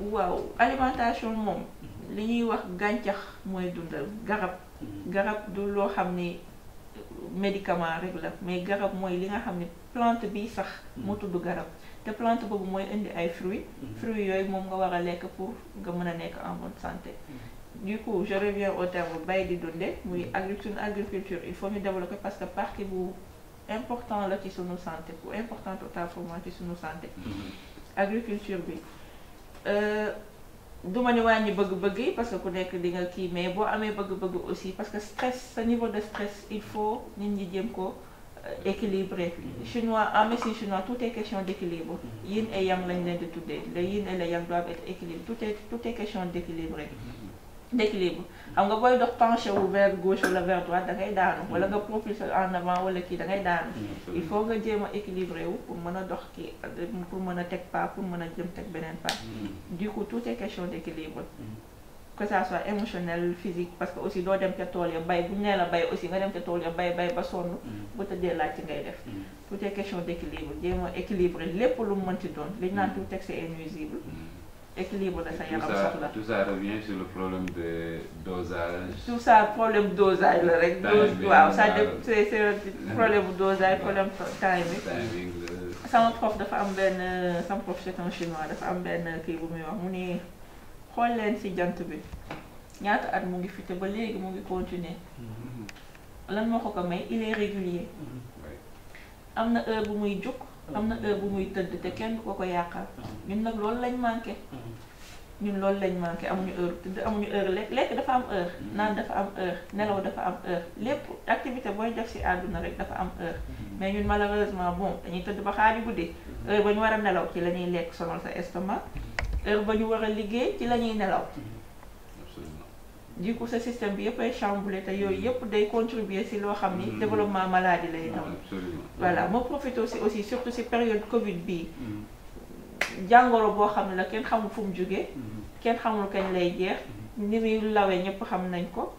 Speaker 3: waaw alimentation moom li wax dundal garab mm-hmm. garab du mais garab plante bi sax mm-hmm. garab te plante fruits fruits pour nga en bonne santé mm-hmm. du coup je reviens au terme bay di agriculture il faut ñu développer parce que partie bu important la ci santé important pour santé agriculture bi Euh, duma ne wàññi bëgg-bëgg yi parce que ku nekk di nga kii mais boo amee bëgg-bëgg aussi parce que stress sa niveau de stress il faut nit ñi jëm ko euh, équilibré chinois en médecine chinoise tout est question d'équilibre yin et yang lañ leen di tuddee le yin et le yang doivent être équilibré tout est tout est question d'équilibre xam nga boy dox vers gauche ou vers droite da ngay wala nga en avant wala mm, il faut nga équilibré pour pour pas pour pas mm. du coup tout est question d'équilibre mm. que ça soit émotionnel physique parce que aussi doo dem ca tool ya bay bu aussi nga dem bay bay ba bu ci est question d'équilibre lu texte est nuisible
Speaker 1: tout ça revient sur le problème de dosage.
Speaker 3: tout ça problème dosage le ça euh, c'est (laughs) problème dosage problème timing. timing euh, sans prof de euh, prof c'est un chinois de femme ben qui vous jant bi ba mm-hmm. il est régulier. Mm-hmm. heure am na heure bu muy tëdd te kenn ko ko yàqal mhm. ñun nag loolu lañ manqué mhm. ñun loolu lañ manqué amuñu heure tëdd amuñu heure lekk lekk dafa am heure mhm. naan dafa am heure nelaw dafa am heure lépp activité booy def ci àdduna rek dafa am heure mais ñun malheureusement bon dañuy tëdd ba xaari guddi heure ba ñu war a nelaw ci la ñuy lekk sonal sa estomac heure ba ñu war a liggéey ci la ñuy nelaw du coup sa système bi yëpp ay chamboulé te yooyu yëpp day contribuer si loo xam ni mm-hmm. développement maladie lay doon voilà ma profite aussi aussi surtout si période Covid bi
Speaker 4: mm-hmm.
Speaker 3: jàngoro boo xam ne la kenn xamul fu mu jógee mm-hmm. kenn xamul kañ lay jeex ni muy lawee ñëpp xam nañ ko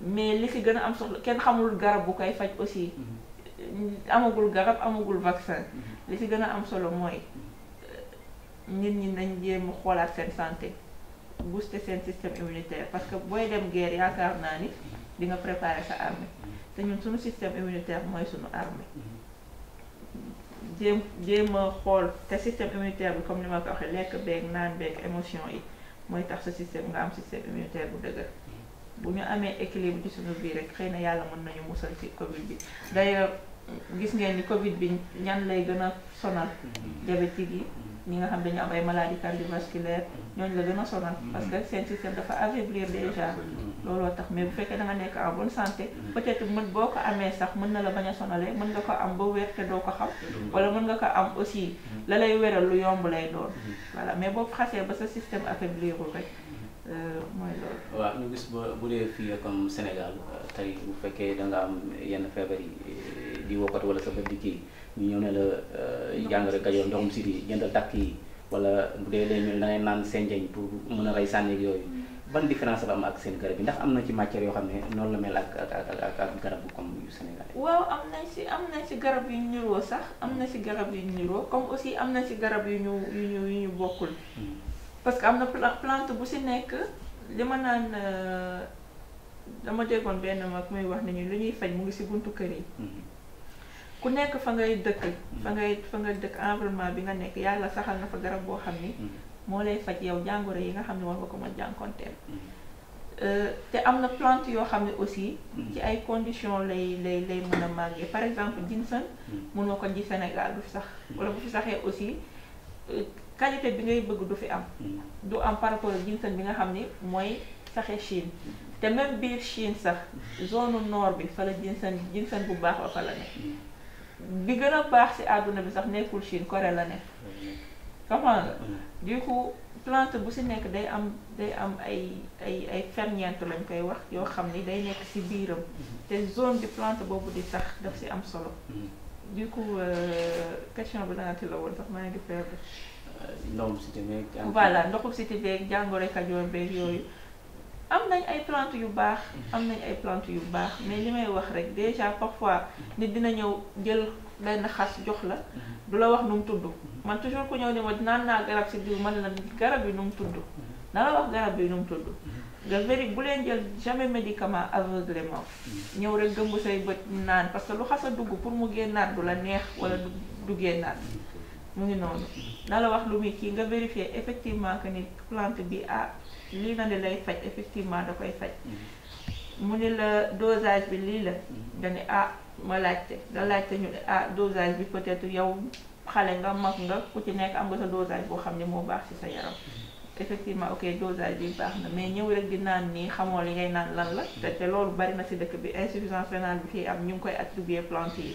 Speaker 3: mais li si gën a am soxla kenn xamul garab bu koy faj aussi amagul garab amagul vaccin li si gën a am solo mooy nit ñi nañ jéem xoolaat seen santé booster seen système immunitaire parce que booy dem guerre yaakaar naa ni di nga préparer sa armée te ñun suñu système immunitaire mooy suñu armée jéem jéem a xool te système immunitaire bi comme ni ma ko waxee lekk beeg naan beeg émotion yi mooy tax sa système nga am système immunitaire bu dëgër bu ñu amee équilibre ci suñu biir rek xëy na yàlla mën nañu musal ci Covid bi d'ailleurs gis ngeen ni Covid bi ñan lay gën a sonal mm-hmm. diabétique yi ñi nga xam dañu am ay maladie cardiovasculaire ñooñu la gën a sonal mm-hmm. parce que seen système dafa affaiblir déjà looloo tax mais bu fekkee da nga nekk en bonne santé mm-hmm. peut-être mën boo ko amee sax mën na la bañ a sonalee mën nga ko am ba wér te doo ko xam mm-hmm. wala mën nga ko am aussi la lay wéral lu yomb lay doon voilà mais boo xasee ba sa système affaiblir rek Euh, mooy loolu.
Speaker 2: waaw ñu gis bu dee fii comme Sénégal euh, tey bu fekkee da nga am yenn feebar yi euh, di wokkat wala sa bët di kii ñu ñëw ne la jàngoro Kajoor ndoxum si di jëndal takk yi wala bu dee lay mel da ngay naan senjeñ pour mën a rey sànni yooyu mm. ban différence la am ak seen garab yi ndax am na ci matière yoo xam ne noonu la mel ak ak ak ak garab bu comme yu Sénégal
Speaker 3: waaw am na ci am na ci garab yu niroo sax am na ci garab yu niroo comme am na ci garab yu ñu yu ñu yu ñu bokkul. Mm. parce que am na plante bu si nekk li ma naan euh, dama déggoon benn mag muy wax nañu lu ñuy faj mu ngi si buntu kër yi. Mm-hmm. ku nekk fa ngay dëkk. Mm-hmm. fa ngay fa nga dëkk environnement bi nga nekk yàlla saxal na fa garab boo xam ni. Mm-hmm. moo lay faj yow jàngoro yi nga xam ne war nga ko mën jànkonteel. Euh, te am na plante yoo xam ne aussi. ci ay conditions lay lay lay mën a màggee par exemple ginseng. mënoo ko ji Sénégal bu fi sax. wala bu fi saxee aussi. Euh, qualité bi ngay bëgg du fi am mm. du am par rapport ak bi nga xam ni mooy saxe Chine mm. te même biir Chine sax mm. zone noor bi fa la ginseng ginseng bu baax ba fa la ne bi gën a baax si àdduna bi sax nekkul Chine Corée la ne comment nga du bu si nekk day am day am ay ay ay ferñeent lañ koy wax yoo xam ni day nekk si biiram mm-hmm. te zone bi plante boobu di sax daf si am solo mm-hmm. du euh, question bi la nga la woon sax maa ngi perdre ndoxum cité beeg voilà ndoxum cité beeg jàngoro kajoor beeg yooyu am nañ ay plante yu baax am nañ ay plante yu baax mais li may ya wax rek déjà parfois nit dina ñëw jël benn xas jox la du la wax nu mu tudd man toujours ku ñëw ne ma naan naa garab si diw medikama la garab yi nu mu tudd na la wax garab yi nu mu tudd nga veri bu leen jël jamais médicament ñëw rek gëmb say bët naan parce que lu xas a dugg pour mu génnaat du la neex ya, wala du génnaat mu ngi noonu na la wax lu muy kii nga vérifier effectivement que ni plante bi ah lii na li lay faj effectivement da koy faj mu ni la dosage bi lii la nga ni ah ma laajte nga laajte ñu ne ah dosage bi peut yow xale nga mag nga ku ci nekk am nga sa dosage boo xam ne moo baax ci sa yaram effectivement ok dosage bi baax na mais ñëw rek di naan nii xamoo li ngay naan lan la te te loolu bari na si dëkk bi insuffisance rénale bi fii am ñu ngi koy attribuer plante yi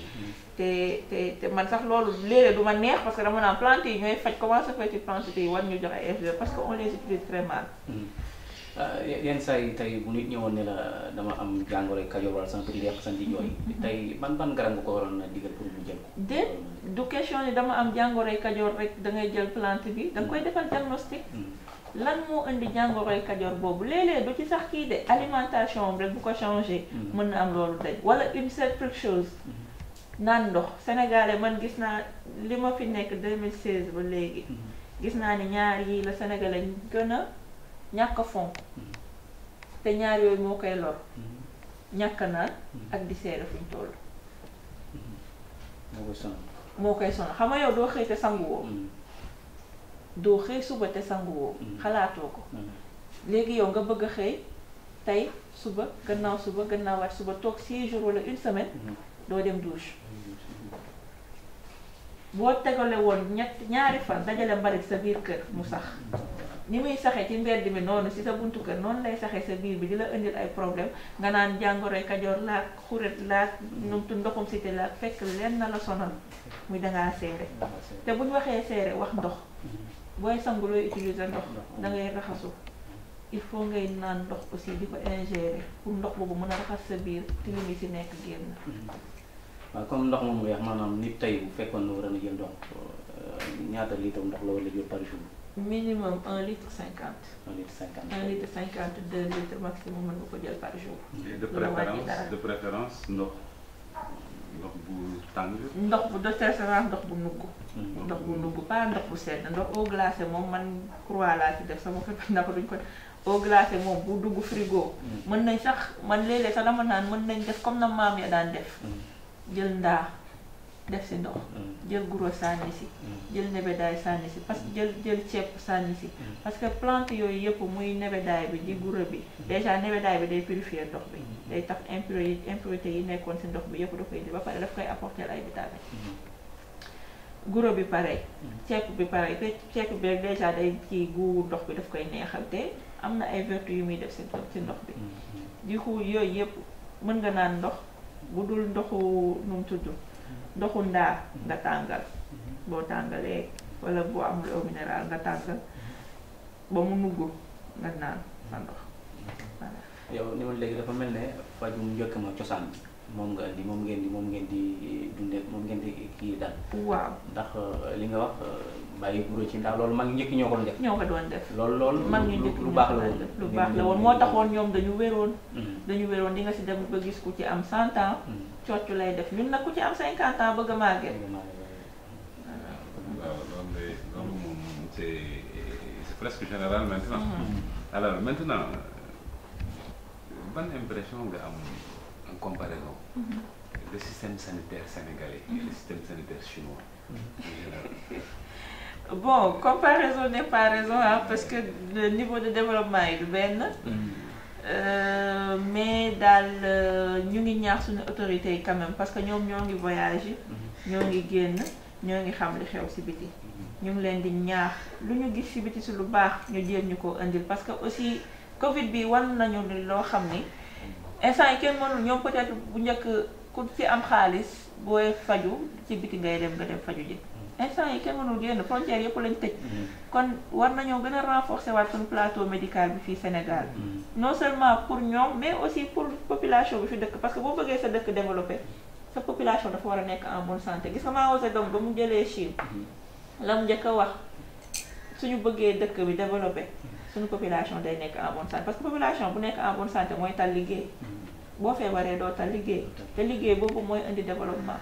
Speaker 3: te te te man sax loolu léeg-léeg du ma neex parce que dama naan plante yi ñooy faj commencé ça fait ci plante yi war ñu joxe ay parce que on les utilise très mal
Speaker 2: hmm. euh, yenn saa yi tey bu nit ñëwoon ne la dama am jàngoro kajoor wala sama petit yàq sa di jooy hmm. tey ban ban garab nga ko waroon a digal pour mu jël ko
Speaker 3: déet du question ni dama am jàngoro kajoor rek da ngay jël plante bi da koy defal diagnostic hmm. lan mo indi jàngoroy kajoor boobu léeg-léeg du ci sax ki dé alimentation rek bu ko changé. Mm-hmm. mën na am lolu tej wala une certaine chose. Mm-hmm. nan ndox sénégalais man gis naa li ma fi nekk 2016 ba léegi. Mm-hmm. gis naa ni ñaar yi la sénégalais gën a ñàkk a fonk. te ñaar yooyu moo koy lor. ñàkk naan ak di seere fuñ toll. moo koy sonal moo koy sonal xam nga yow doo xëy te sangu woo. doo xëy suba te sanguwoo mm-hmm. xalaatoo ko mm-hmm. léegi yow nga bëgg a xëy tey suba gannaaw suba gannaawaat suba toog 6 jours wala une semaine mm-hmm. doo dem douche boo tegale woon ñett ñaari fan dajale mbalit sa biir kër mu sax ni muy saxee ci mbedd mi noonu si sa buntu kër noonu lay saxee sa biir bi di la indil ay problème nga naan jàngoroy kajoor laak xuret laak numtu ndoxum cité laak fekk lenn la sonal muy dangaa seere te bu waxee seere wax ndox boy sangulé utiliser ndox da ngay raxasu il faut ngay nan ndox aussi diko ingérer pour ndox bobu mëna raxas sa biir té limi ci nek genn
Speaker 2: wa comme ndox mom wex manam nit tay bu fekkon no wara jël ndox ñaata litre ndox la wala jël par jour
Speaker 3: minimum 1 litre 50 1 litre 50 1 litre 50 2 litre maximum mëna ko jël par jour de préférence
Speaker 1: de préférence ndox ndox bu tàng.
Speaker 3: ndox bu de ndox bu nugg. ndox bu nugg pas ndox bu sedd ndox eau moom man croix laa ci def sama fépp ndax duñ ko eau glacée moom bu dugg frigo. Mm. mën nañ sax man léeg-léeg sax dama naan mën nañ def comme na maam ya daan def. Mm. jël ndaa. def si ndox mm. jël guro sànni si mm. jël nebedaay sànni si parce que jël jël ceeb sànni si mm. parce que plante yooyu yëpp muy nebedaay bi di guro bi déjà nebedaay bi day purifier ndox bi day tax impurité impurité yi nekkoon si ndox bi yëpp da koy indi ba pare daf koy apporter ay vitamines guro bi pare ceeb bi pareil te ceeb bi rek déjà day kii guuwu ndox bi daf koy neexal te am na ay vertu yu muy def si ci ndox bi du yooyu yëpp mën nga naan ndox bu dul ndoxu nu mu tudd ndoxu ndaa nga mhm. tangal mhm. bo tangale wala boo am lo mineral nga tangal mhm. ba mu nugg nga naan sa ndox
Speaker 2: yow ni woon legui dafa mel ne fajum njëkk ma ciosan mom nga indi mom ngeen di mom ngeen di dundé mom ngeen di ki dal waaw ndax eh, li nga wax eh, bayyi buru ci ndax loolu mag njëkk ñoo ko
Speaker 3: def ñoko doon def loolu loolu mag ñu ñëk lu baax la woon lu baax la woon mo taxoon ñom dañu wéroon dañu wéroon di nga ci dem ba gis ku ci am 100 ans C'est def ñun 50 ans bëgg
Speaker 1: presque général maintenant. Mhm. alors maintenant bonne impression nga am en comparaison. le mhm. système sanitaire sénégalais. et le système sanitaire chinois.
Speaker 3: bon comparaison n'est pas raison hein, parce que le niveau de développement est du euh, mais dans euh, ñu ngi quand même parce que nous nous ngi nous mhm. ngi nous nous ngi xam li xew nous nous mhm. ñu ngi nous di nous gis nous nous nous parce que aussi Covid bi wan nous nous nous nous nous nous nous peut-être bu nous nous am instant yi kenn mënul génn frontière yëpp lañ tëj. Mm-hmm. kon war nañoo gën a renforcer waat suñu plateau médical bi fii Sénégal. Mm-hmm. non seulement pour ñoom mais aussi pour population bi fi dëkk parce que boo bëggee sa dëkk développé sa population dafa war a nekk en bonne santé gis nga Mao dom ba mu jëlee Chine. Mm-hmm. la mu njëkk a wax suñu bëggee dëkk bi développé suñu population day nekk en bonne santé parce que population bu nekk en bonne santé mooy tal liggéey. boo feebaree doo tal liggéey te liggéey boobu mooy indi développement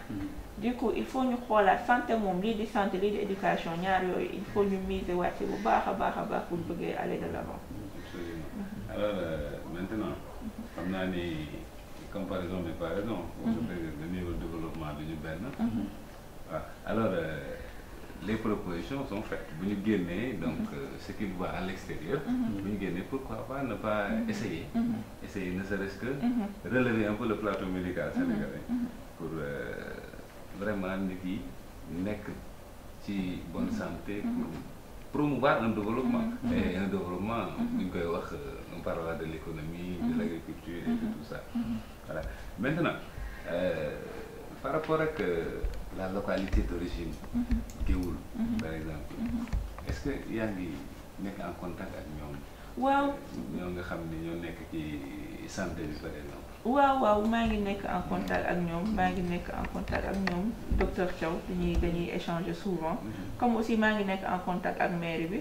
Speaker 3: du coup il faut ñu la santé mon santé de l'éducation il faut nous miser ouais c'est bu baax aller de l'avant.
Speaker 1: absolument alors euh, maintenant on par exemple, comparaison mais pas raison. Mm-hmm. le niveau de développement du ñu mm-hmm. ah, alors euh, les propositions sont faites Vous ñu donc mm-hmm. euh, ce qu'il voit à l'extérieur. vous ñu pourquoi pas ne pas essayer. essayer ne serait-ce que. relever un peu le plateau médical sénégalais pour vraiment nous yi ci bonne santé pour mhm. promouvoir un développement mhm. et un développement mhm. euh, on parlera de l'économie de l'agriculture et de tout ça maintenant euh, par rapport à euh, la localité d'origine Géoul par exemple est-ce que y a en contact avec nous? waaw ñoo nga xam ne ñoo santé par exemple
Speaker 3: waaw waaw maa ngi nekk en contact ak ñoom maa ngi nekk en contact ak ñoom docteur Thiaw dañuy dañuy échanger souvent mhm. comme aussi maa ngi nekk en contact ak mairie bi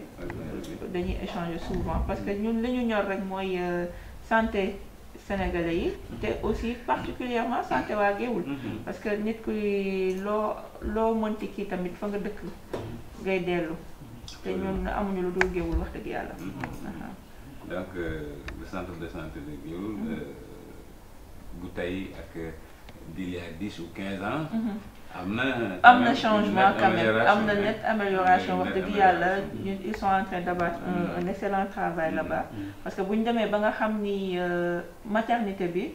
Speaker 3: dañuy échanger souvent parce que ñun li ñu ñor rek mooy euh, santé sénégalais yi mhm. te aussi particulièrement santé waa Géewul mhm. parce que nit kuy loo loo mënti kii tamit fa nga dëkk ngay dellu te ñun amuñu lu dul Géewul wax dëgg yàlla
Speaker 1: donc euh, le centre de santé de Géewul euh, Goutaï, euh, d'il y a 10 ou 15 ans. il y
Speaker 4: a un changement quand même y nette amélioration
Speaker 3: ils sont en train d'abattre un mhm. excellent travail mhm. là-bas mhm. parce que si vous avez ba nga euh, maternité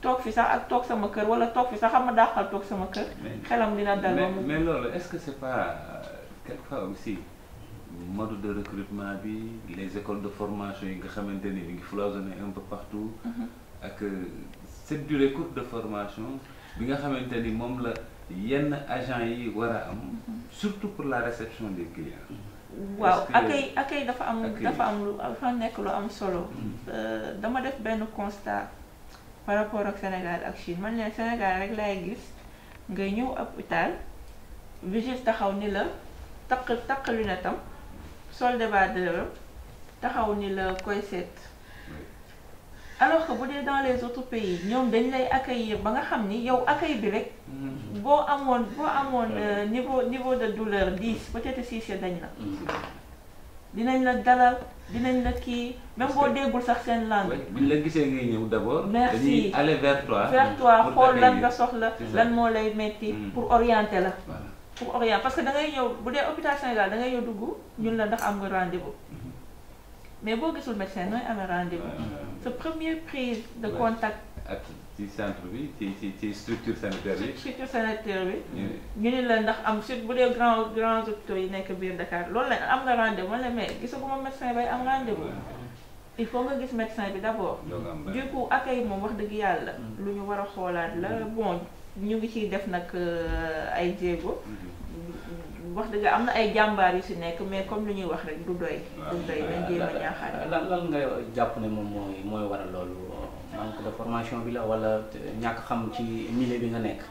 Speaker 3: toog fi sax ak toog sama kër wala toog fi sax xam ma daaxal toog sama kër. xelam dina dal ba mu mais
Speaker 1: loolu est-ce que c'est pas quelque quelquefois aussi mode de recrutement bi les écoles de formation yi nga xamante ni ñu ngi foisonné un peu partout. Mhm. ak euh, cette durée courte de formation bi nga xamante ni moom la yenn agent yi war a am. Mhm. surtout pour la réception des clients. waaw akay
Speaker 3: akay dafa am dafa am lu dafa nekk lu am solo. Mhm. Euh, dama def benn constat. par rapport ak Sénégal ak Chine man leen Sénégal rek laay gis nga ñëw ab utal juste taxaw ni la takk takk lu ne tam taxaw ni la koy seet alors que bu dee dans les autres pays ñoom dañ lay accueillir ba nga xam ni yow accueil bi rek mm-hmm. boo amoon boo amoon euh, niveau niveau de douleur 10 peut-être 6 dañ la mm-hmm. dinañ la dalal dinañ la kii même boo déggul sax seen bi
Speaker 1: buñ la gisee ngay ñëw d' abord. merci dañuy aller vers toi. vers toi xool lan nga soxla. lan moo
Speaker 3: lay metti mm. pour orienter la. pour orienter parce que da ngay ñëw bu dee hôpital yaal da ngay ñëw dugg ñun la ndax am nga rendez-vous. Mm-hmm. mais boo gisul médecin nooy amee rendez-vous. sa première prise de contact.
Speaker 1: ci centre bi ci ci ci structure sanitaire
Speaker 3: bi. ñu ne la ndax am surtout bu dee grand grand hôpitaux yi nekk biir Dakar loolu la am nga rendez-vous man la mais gisaguma médecin bay am rendez-vous. il faut nga gis médecin bi d'abord. du coup accueil moom wax dëgg yàlla. Mm. lu ñu war a xoolaat la mm. bon ñu ngi ciy def nag euh, ay jéego. Mm-hmm. wax dëgg am na ay jàmbaar yu si nekk mais comme lu ñuy wax rek du doy. du doy nañ jéem a ñaaxaat.
Speaker 2: lan lan nga jàpp ne moom mooy mooy waral loolu. manque de formation bi la wala ñàkk xam ci milieu bi nga nekk.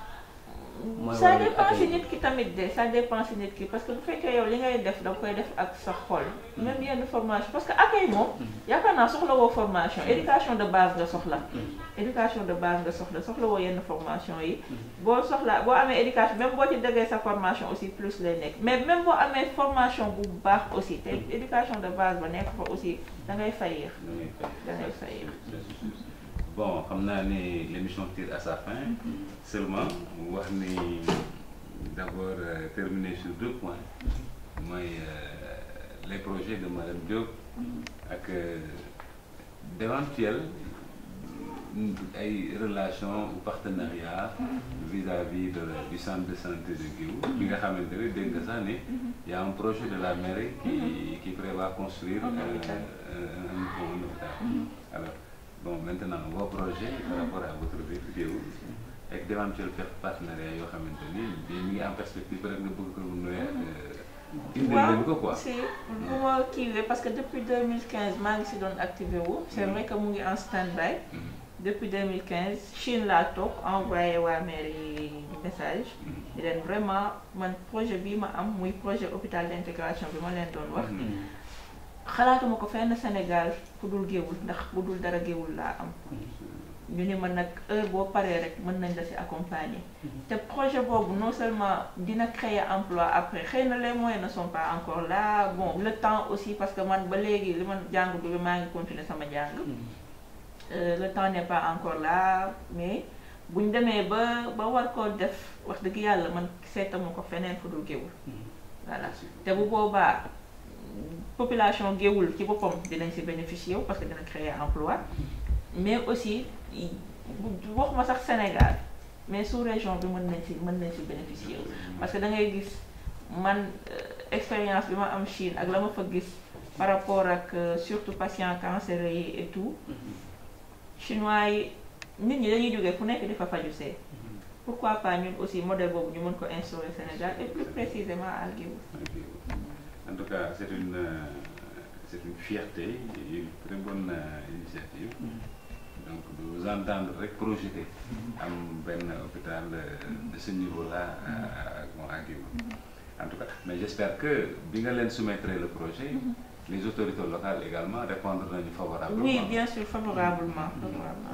Speaker 2: ça dépend si nit ki
Speaker 3: tamit de ça dépend si nit ki parce que bu fekkee yow li ngay def da koy def ak sa xol. Mm-hmm. même yenn formation parce que accueil moom. Mm-hmm. yaakaar naa soxla woo formation mm-hmm. éducation de base nga soxla. éducation de base nga soxla soxla woo yenn formation yi. boo soxla boo amee éducation même boo ci déggee sa formation aussi plus lay nekk mais même boo amee formation bu baax aussi te éducation de base ba nekk fa aussi da ngay da ngay faillir
Speaker 1: bon comme l'émission tire à sa fin mm-hmm. seulement wax ni d'abord euh, terminer sur deux points mm-hmm. euh, les projets de madame Diop mm-hmm. ak euh, d'éventuel mm, ay relation ou partenariat vis-à-vis de du centre de santé de Guéou bi y a un projet de la mairie qui qui prévoit construire un, nouveau bon maintenant vos projets par rapport à votre vidéo avec des partenariats yoo xamante yo bii mi ngi en perspective rek nga bëgg ko mu euh, nuyu waaw quoi
Speaker 3: si parce que depuis 2015 je suis dans doon activé c'est mm-hmm. vrai que je suis en stand-by mm-hmm. depuis 2015 Chine l'a toog envoyé waa mairie message di mm-hmm. leen vraiment mon projet bii am projet hôpital d'intégration je ma leen doon xalaatuma ko fenn Sénégal fu dul géewul ndax bu dul dara géewul laa am ñu ne ma nag heure boo paree rek mën nañ la si accompagner mm-hmm. te projet boobu non seulement dina créer emploi après xëy na les moyens ne sont pas encore là bon le temps aussi parce que man ba léegi li man jàng bi maa ngi continuer sama jàng mm-hmm. euh, le temps n'est pas encore là mais buñ demee ba ba war ko def wax dëgg yàlla man seetama ko feneen fu dul géewul mm-hmm. voilà te bu boobaa population géwul ci boppam dinañ si bénéficier wu parce que dina créer emploi mais aussi ma sax Sénégal mais sous région bi mën nañ si mën nañ si bénéficier wu parce que da ngay gis man euh, expérience bi ma am Chine ak la ma fa gis par rapport ak euh, surtout patient cancéreux yi et tout chinois yi nit ñi dañuy jógee fu nekk di fa faju see pourquoi pas aussi modèle boobu ñu mën ko instaurer Sénégal et plus précisément à Guéoul
Speaker 1: En tout cas, c'est une, euh, une fierté et une très bonne euh, initiative. Mm-hmm. Donc, de vous entendre projeter un mm-hmm. hôpital euh, de ce niveau-là à
Speaker 4: mm-hmm.
Speaker 1: En tout cas, mais j'espère que, Bingalen soumettrez le projet, les autorités locales également répondront favorablement. Oui, bien
Speaker 3: sûr, favorablement.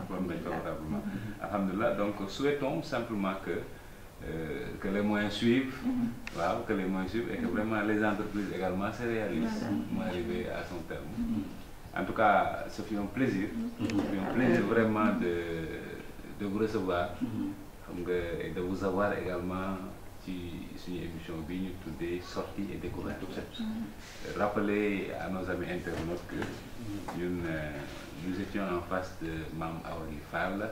Speaker 3: favorablement.
Speaker 1: favorablement. donc, souhaitons simplement que euh, que les moyens suivent, mhm. que les moyens suivent et que vraiment les entreprises également se réalisent pour arriver à son terme. Mhm. En tout cas, ce fut un plaisir, mhm. un plaisir vraiment de, vous recevoir et de vous avoir également sur une émission bi ñu sorties et découvertes. rappeler à nos amis internautes que euh, nous étions en face de Mam Aori Farla,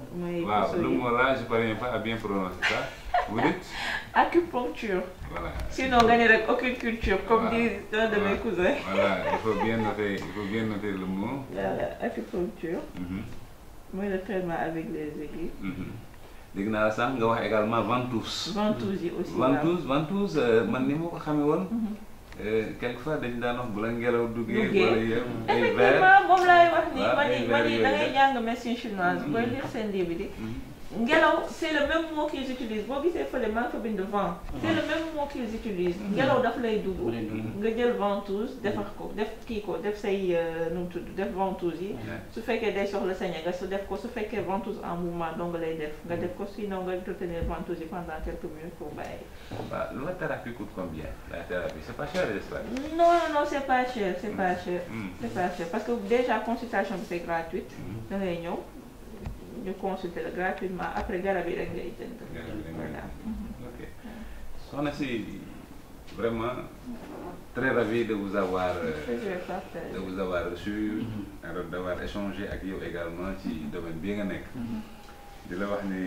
Speaker 3: Oui, le mot
Speaker 1: là, je parviens pas à bien prononcer ça. Vous dites
Speaker 3: (laughs) Acupuncture. Voilà. Sinon, on gagne aucune culture, comme dit un de mes cousins. Voilà, il
Speaker 1: faut bien noter, il faut bien noter le mot. Voilà,
Speaker 3: acupuncture. Mm -hmm. Moi, le traitement avec les aiguilles.
Speaker 1: Mm -hmm. dégg naa nga également ventouse. ventouse aussi ventouse ventouse euh, man ni Euh, quelquefois dañ daan wax bu la ngelaw duggee.
Speaker 3: wala yëpp ay verre effectivement moom laay wax nii. waaw ay verre yooyu man da ngay jàng Ngelaw, c'est le même mot qu'ils utilisent. Vous voyez, c'est le manque de vent. C'est le même mot qu'ils utilisent. Ngelaw daf lay dugg nga jël ventouse defar ko def kii ko def say euh, nu mu tudd def ventouse yi su que day soxla sañe nga su def ko su ventouse en mouvement donc lay def nga def ko sinon nga retenir ventouse yi pendant quelques minutes pour bàyyi.
Speaker 1: Bah, la thérapie coûte combien? La thérapie, c'est pas cher, les ce
Speaker 3: Non, non, non, c'est pas cher, c'est mm. pas cher. Mm. C'est pas cher parce que déjà consultation c'est gratuite. Mm. Da réunion ñu consulter la gratuitement après garab yi rek ngay jënd. voilà. ok
Speaker 1: soxna si vraiment très ravi de vous avoir. Euh, de vous avoir reçu. Mhm. d'avoir échangé avec yow également ci domaine bi nga nekk. Mhm. di la wax ni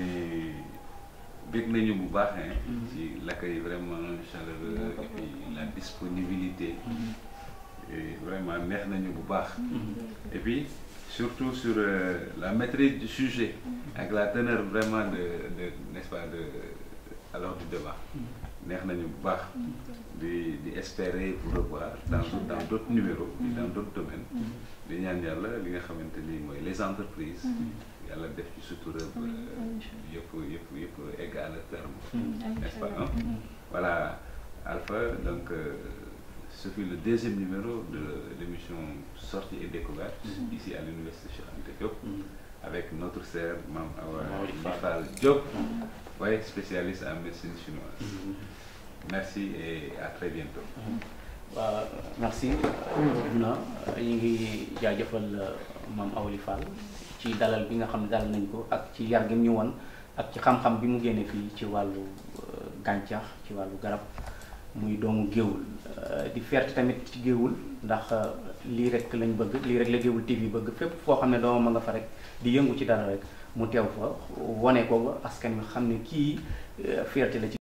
Speaker 1: bég nañu bu baax hein, mhm. ci l'accueil vraiment chaleureux et puis la disponibilité. et vraiment neex nañu bu baax. et puis surtout sur euh, la maîtrise du sujet, avec la teneur vraiment de, n'est-ce pas, de, alors du débat. Mm. Nous avons de d'espérer d'espérer vous revoir dans dans d'autres numéros mm. dans d'autres domaines mm. les entreprises il y a des ba qui égal terme n'est-ce pas hein? voilà Alpha donc euh, ce fut le deuxième numéro de l'émission Sortie et Découverte, mhm. ici à l'Université Cheikh Diop, mhm. avec notre sœur Mme Awa Diop, ouais, spécialiste en médecine chinoise. Mhm.
Speaker 2: Merci et à très bientôt. waaw merci na ñu ngi jaajëfal euh, Mme Awali Fall ci dalal bi nga xam dal nañ ko ak ci yar ñu woon ak ci xam-xam bi mu génne fii ci wàllu euh, gàncax ci wàllu garab muy doomu géewul euh, di fierté tamit ci géewul ndax euh, lii rek lañ bëgg lii rek la géewul TV bëgg fépp foo xam ne doomam a nga fa rek di yëngu ci dara rek mu teew fa wane ko askan wi xam ne kii euh, fierté la ci